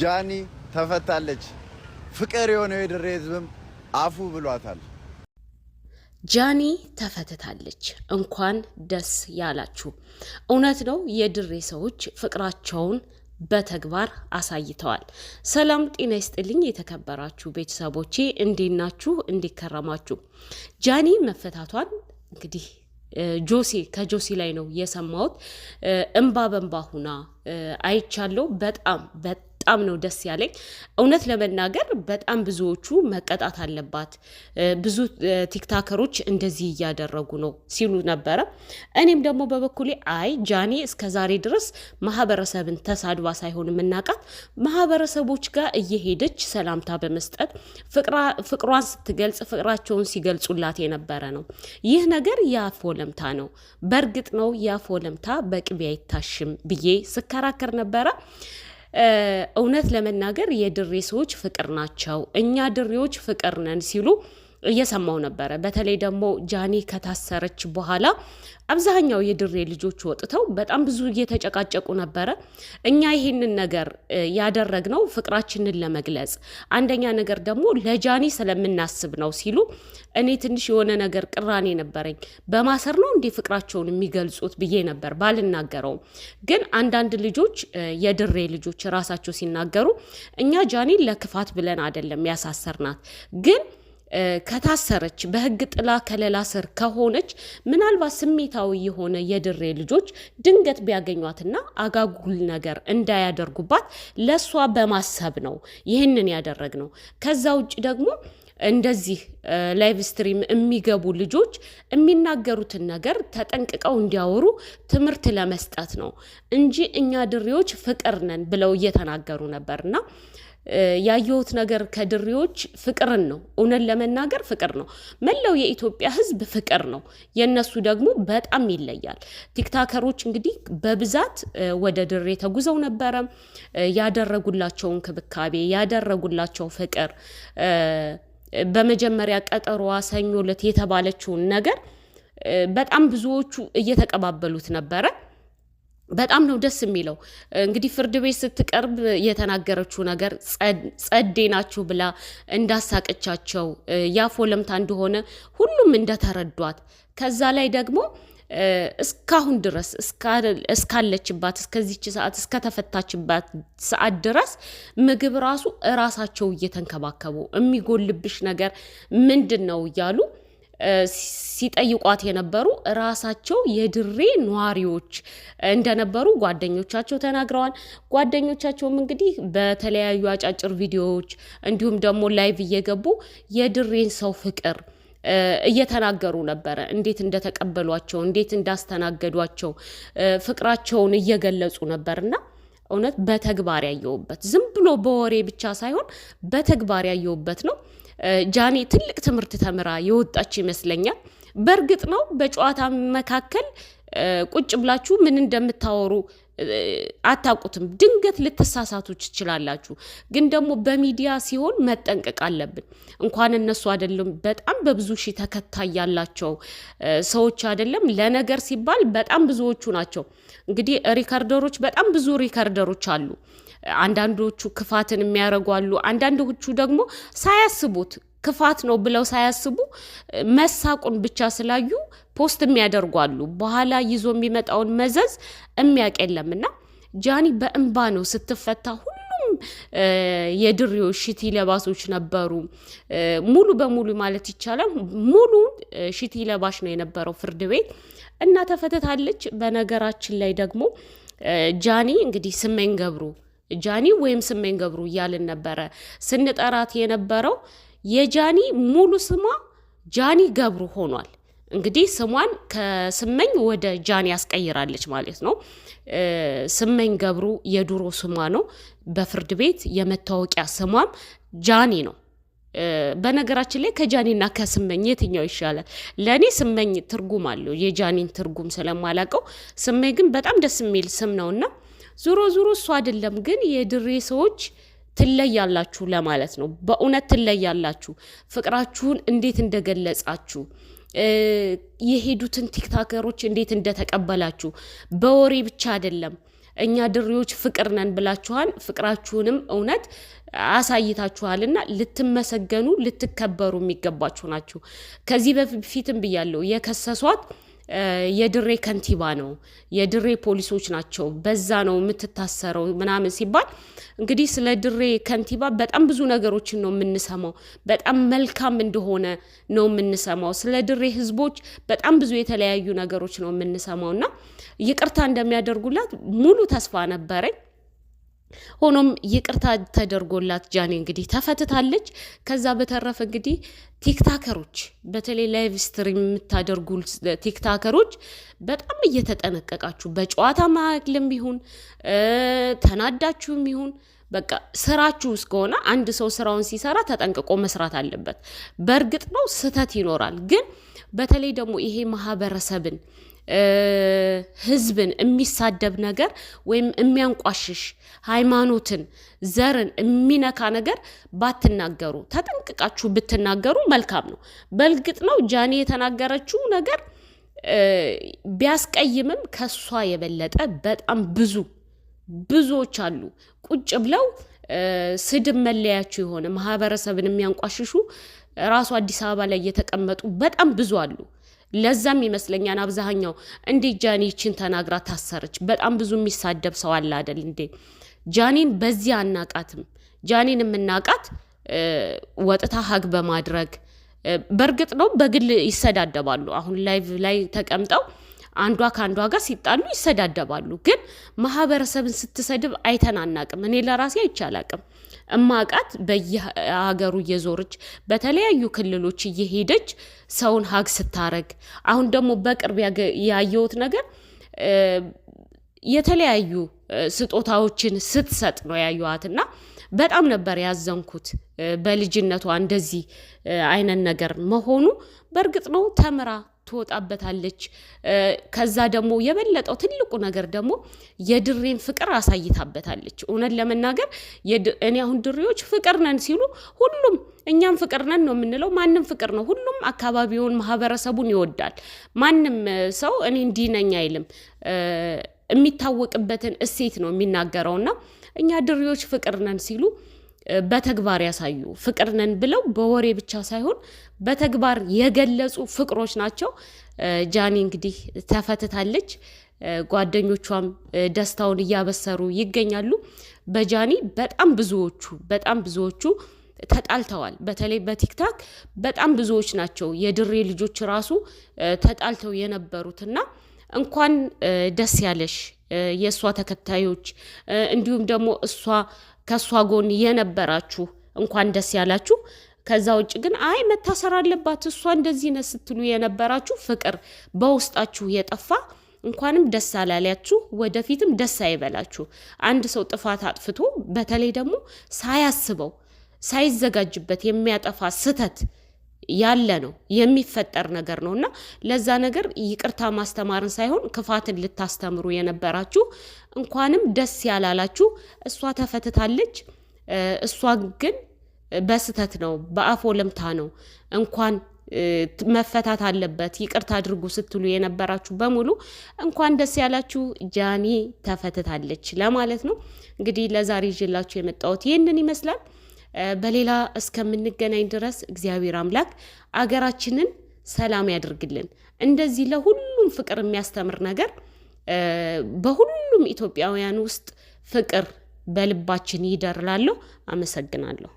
ጃኒ ተፈታለች። ፍቅር የሆነው የድሬ ህዝብም አፉ ብሏታል። ጃኒ ተፈትታለች። እንኳን ደስ ያላችሁ። እውነት ነው፣ የድሬ ሰዎች ፍቅራቸውን በተግባር አሳይተዋል። ሰላም ጤና ይስጥልኝ የተከበራችሁ ቤተሰቦቼ እንዴናችሁ እንዲከረማችሁ ጃኒ መፈታቷን እንግዲህ ጆሴ ከጆሴ ላይ ነው የሰማሁት። እንባ በንባ ሁና አይቻለው። በጣም በጣም ነው ደስ ያለኝ። እውነት ለመናገር በጣም ብዙዎቹ መቀጣት አለባት፣ ብዙ ቲክታከሮች እንደዚህ እያደረጉ ነው ሲሉ ነበረ። እኔም ደግሞ በበኩሌ አይ ጃኔ እስከ ዛሬ ድረስ ማህበረሰብን ተሳድባ ሳይሆን የምናቃት ማህበረሰቦች ጋር እየሄደች ሰላምታ በመስጠት ፍቅሯን ስትገልጽ ፍቅራቸውን ሲገልጹላት የነበረ ነው። ይህ ነገር የአፍ ወለምታ ነው። በእርግጥ ነው የአፍ ወለምታ በቅቤ አይታሽም ብዬ ስከራከር ነበረ። እውነት ለመናገር የድሬ ሰዎች ፍቅር ናቸው፣ እኛ ድሬዎች ፍቅር ነን ሲሉ እየሰማው ነበረ። በተለይ ደግሞ ጃኒ ከታሰረች በኋላ አብዛኛው የድሬ ልጆች ወጥተው በጣም ብዙ እየተጨቃጨቁ ነበረ። እኛ ይህንን ነገር ያደረግነው ፍቅራችንን ለመግለጽ አንደኛ ነገር ደግሞ ለጃኒ ስለምናስብ ነው ሲሉ እኔ ትንሽ የሆነ ነገር ቅራኔ ነበረኝ። በማሰር ነው እንዲህ ፍቅራቸውን የሚገልጹት ብዬ ነበር ባልናገረውም። ግን አንዳንድ ልጆች የድሬ ልጆች ራሳቸው ሲናገሩ እኛ ጃኒ ለክፋት ብለን አይደለም ያሳሰርናት ግን ከታሰረች በህግ ጥላ ከለላ ስር ከሆነች ምናልባት ስሜታዊ የሆነ የድሬ ልጆች ድንገት ቢያገኟትና አጋጉል ነገር እንዳያደርጉባት ለእሷ በማሰብ ነው ይህንን ያደረግ ነው። ከዛ ውጭ ደግሞ እንደዚህ ላይቭ ስትሪም የሚገቡ ልጆች የሚናገሩትን ነገር ተጠንቅቀው እንዲያወሩ ትምህርት ለመስጠት ነው እንጂ እኛ ድሬዎች ፍቅር ነን ብለው እየተናገሩ ነበር ያየሁት ነገር ከድሬዎች ፍቅርን ነው። እውነን ለመናገር ፍቅር ነው። መላው የኢትዮጵያ ሕዝብ ፍቅር ነው። የእነሱ ደግሞ በጣም ይለያል። ቲክታከሮች እንግዲህ በብዛት ወደ ድሬ ተጉዘው ነበረ። ያደረጉላቸው እንክብካቤ፣ ያደረጉላቸው ፍቅር በመጀመሪያ ቀጠሮዋ ሰኞ ዕለት የተባለችውን ነገር በጣም ብዙዎቹ እየተቀባበሉት ነበረ። በጣም ነው ደስ የሚለው። እንግዲህ ፍርድ ቤት ስትቀርብ የተናገረችው ነገር ጸዴ ናችሁ ብላ እንዳሳቀቻቸው ያፎ ለምታ እንደሆነ ሁሉም እንደተረዷት ከዛ ላይ ደግሞ እስካሁን ድረስ እስካለችባት እስከዚች ሰዓት እስከተፈታችባት ሰዓት ድረስ ምግብ ራሱ እራሳቸው እየተንከባከቡ የሚጎልብሽ ነገር ምንድን ነው እያሉ ሲጠይቋት የነበሩ ራሳቸው የድሬ ነዋሪዎች እንደነበሩ ጓደኞቻቸው ተናግረዋል። ጓደኞቻቸውም እንግዲህ በተለያዩ አጫጭር ቪዲዮዎች እንዲሁም ደግሞ ላይቭ እየገቡ የድሬን ሰው ፍቅር እየተናገሩ ነበረ። እንዴት እንደተቀበሏቸው፣ እንዴት እንዳስተናገዷቸው ፍቅራቸውን እየገለጹ ነበርና እውነት በተግባር ያየሁበት ዝም ብሎ በወሬ ብቻ ሳይሆን በተግባር ያየሁበት ነው። ጃኔ ትልቅ ትምህርት ተምራ የወጣች ይመስለኛል። በእርግጥ ነው በጨዋታ መካከል ቁጭ ብላችሁ ምን እንደምታወሩ አታውቁትም። ድንገት ልትሳሳቱ ትችላላችሁ። ግን ደግሞ በሚዲያ ሲሆን መጠንቀቅ አለብን። እንኳን እነሱ አይደለም በጣም በብዙ ሺህ ተከታይ ያላቸው ሰዎች አይደለም ለነገር ሲባል በጣም ብዙዎቹ ናቸው። እንግዲህ ሪከርደሮች፣ በጣም ብዙ ሪከርደሮች አሉ። አንዳንዶቹ ክፋትን የሚያደርጉ አሉ። አንዳንዶቹ ደግሞ ሳያስቡት ክፋት ነው ብለው ሳያስቡ መሳቁን ብቻ ስላዩ ፖስት የሚያደርጉ አሉ። በኋላ ይዞ የሚመጣውን መዘዝ የሚያቅ የለምና ጃኒ በእንባ ነው ስትፈታ። ሁሉም የድሬዎች ሽቲ ለባሶች ነበሩ፣ ሙሉ በሙሉ ማለት ይቻላል ሙሉ ሽቲ ለባሽ ነው የነበረው ፍርድ ቤት እና ተፈትታለች። በነገራችን ላይ ደግሞ ጃኒ እንግዲህ ስመኝ ገብሩ ጃኒ ወይም ስሜን ገብሩ እያልን ነበረ ስንጠራት የነበረው። የጃኒ ሙሉ ስሟ ጃኒ ገብሩ ሆኗል። እንግዲህ ስሟን ከስመኝ ወደ ጃኒ ያስቀይራለች ማለት ነው። ስመኝ ገብሩ የድሮ ስሟ ነው። በፍርድ ቤት የመታወቂያ ስሟም ጃኒ ነው። በነገራችን ላይ ከጃኒና ከስመኝ የትኛው ይሻላል? ለእኔ ስመኝ ትርጉም አለው የጃኒን ትርጉም ስለማላውቀው፣ ስመኝ ግን በጣም ደስ የሚል ስም ነውና ዞሮ ዞሮ እሱ አይደለም ግን የድሬ ሰዎች ትለያላችሁ ለማለት ነው። በእውነት ትለያላችሁ። ፍቅራችሁን እንዴት እንደገለጻችሁ የሄዱትን ቲክታከሮች እንዴት እንደተቀበላችሁ በወሬ ብቻ አይደለም። እኛ ድሬዎች ፍቅር ነን ብላችኋል። ፍቅራችሁንም እውነት አሳይታችኋልና ልትመሰገኑ ልትከበሩ የሚገባችሁ ናችሁ። ከዚህ በፊትም ብያለሁ የከሰሷት የድሬ ከንቲባ ነው፣ የድሬ ፖሊሶች ናቸው፣ በዛ ነው የምትታሰረው ምናምን ሲባል እንግዲህ ስለ ድሬ ከንቲባ በጣም ብዙ ነገሮችን ነው የምንሰማው። በጣም መልካም እንደሆነ ነው የምንሰማው። ስለ ድሬ ህዝቦች በጣም ብዙ የተለያዩ ነገሮች ነው የምንሰማው እና ይቅርታ እንደሚያደርጉላት ሙሉ ተስፋ ነበረኝ። ሆኖም ይቅርታ ተደርጎላት ጃኒ እንግዲህ ተፈትታለች። ከዛ በተረፈ እንግዲህ ቲክታከሮች በተለይ ላይቭ ስትሪም የምታደርጉ ቲክታከሮች በጣም እየተጠነቀቃችሁ በጨዋታ ማግለም ይሁን ተናዳችሁም ይሁን በቃ ስራችሁ እስከሆነ አንድ ሰው ስራውን ሲሰራ ተጠንቅቆ መስራት አለበት። በእርግጥ ነው ስህተት ይኖራል፣ ግን በተለይ ደግሞ ይሄ ማህበረሰብን ህዝብን የሚሳደብ ነገር ወይም የሚያንቋሽሽ ሃይማኖትን፣ ዘርን የሚነካ ነገር ባትናገሩ ተጠንቅቃችሁ ብትናገሩ መልካም ነው። በእርግጥ ነው ጃኒ የተናገረችው ነገር ቢያስቀይምም ከሷ የበለጠ በጣም ብዙ ብዙዎች አሉ ቁጭ ብለው ስድብ መለያቸው የሆነ ማህበረሰብን የሚያንቋሽሹ ራሱ አዲስ አበባ ላይ እየተቀመጡ በጣም ብዙ አሉ። ለዛም ይመስለኛል አብዛኛው እንዴ ጃኒ ይችን ተናግራ ታሰረች። በጣም ብዙ የሚሳደብ ሰው አለ አደል እንዴ? ጃኒን በዚህ አናቃትም። ጃኒን የምናቃት ወጥታ ሀግ በማድረግ በእርግጥ ነው በግል ይሰዳደባሉ። አሁን ላይቭ ላይ ተቀምጠው አንዷ ከአንዷ ጋር ሲጣሉ ይሰዳደባሉ። ግን ማህበረሰብን ስትሰድብ አይተን አናቅም። እኔ ለራሴ አይቻላቅም እማቃት በየሀገሩ እየዞረች በተለያዩ ክልሎች እየሄደች ሰውን ሀግ ስታረግ፣ አሁን ደግሞ በቅርብ ያየሁት ነገር የተለያዩ ስጦታዎችን ስትሰጥ ነው ያየኋት እና በጣም ነበር ያዘንኩት። በልጅነቷ እንደዚህ አይነት ነገር መሆኑ በእርግጥ ነው ተምራ ትወጣበታለች። ከዛ ደግሞ የበለጠው ትልቁ ነገር ደግሞ የድሬን ፍቅር አሳይታበታለች። እውነት ለመናገር እኔ አሁን ድሬዎች ፍቅር ነን ሲሉ ሁሉም እኛም ፍቅር ነን ነው የምንለው። ማንም ፍቅር ነው። ሁሉም አካባቢውን ማህበረሰቡን ይወዳል። ማንም ሰው እኔ እንዲህ ነኝ አይልም። የሚታወቅበትን እሴት ነው የሚናገረውና እኛ ድሬዎች ፍቅር ነን ሲሉ በተግባር ያሳዩ ፍቅር ነን ብለው በወሬ ብቻ ሳይሆን በተግባር የገለጹ ፍቅሮች ናቸው። ጃኒ እንግዲህ ተፈትታለች። ጓደኞቿም ደስታውን እያበሰሩ ይገኛሉ። በጃኒ በጣም ብዙዎቹ በጣም ብዙዎቹ ተጣልተዋል። በተለይ በቲክታክ በጣም ብዙዎች ናቸው የድሬ ልጆች ራሱ ተጣልተው የነበሩትና እንኳን ደስ ያለሽ የእሷ ተከታዮች እንዲሁም ደግሞ እሷ ከእሷ ጎን የነበራችሁ እንኳን ደስ ያላችሁ። ከዛ ውጭ ግን አይ መታሰር አለባት እሷ እንደዚህ ነ ስትሉ የነበራችሁ ፍቅር በውስጣችሁ የጠፋ እንኳንም ደስ አላላችሁ፣ ወደፊትም ደስ አይበላችሁ። አንድ ሰው ጥፋት አጥፍቶ በተለይ ደግሞ ሳያስበው ሳይዘጋጅበት የሚያጠፋ ስህተት ያለ ነው የሚፈጠር ነገር ነው እና ለዛ ነገር ይቅርታ ማስተማርን ሳይሆን ክፋትን ልታስተምሩ የነበራችሁ እንኳንም ደስ ያላላችሁ። እሷ ተፈትታለች። እሷ ግን በስተት ነው በአፎ ለምታ ነው እንኳን መፈታት አለበት ይቅርታ አድርጉ ስትሉ የነበራችሁ በሙሉ እንኳን ደስ ያላችሁ። ጃኒ ተፈትታለች ለማለት ነው። እንግዲህ ለዛሬ ይዤላችሁ የመጣሁት ይህንን ይመስላል። በሌላ እስከምንገናኝ ድረስ እግዚአብሔር አምላክ አገራችንን ሰላም ያደርግልን። እንደዚህ ለሁሉም ፍቅር የሚያስተምር ነገር በሁሉም ኢትዮጵያውያን ውስጥ ፍቅር በልባችን ይደርላለሁ። አመሰግናለሁ።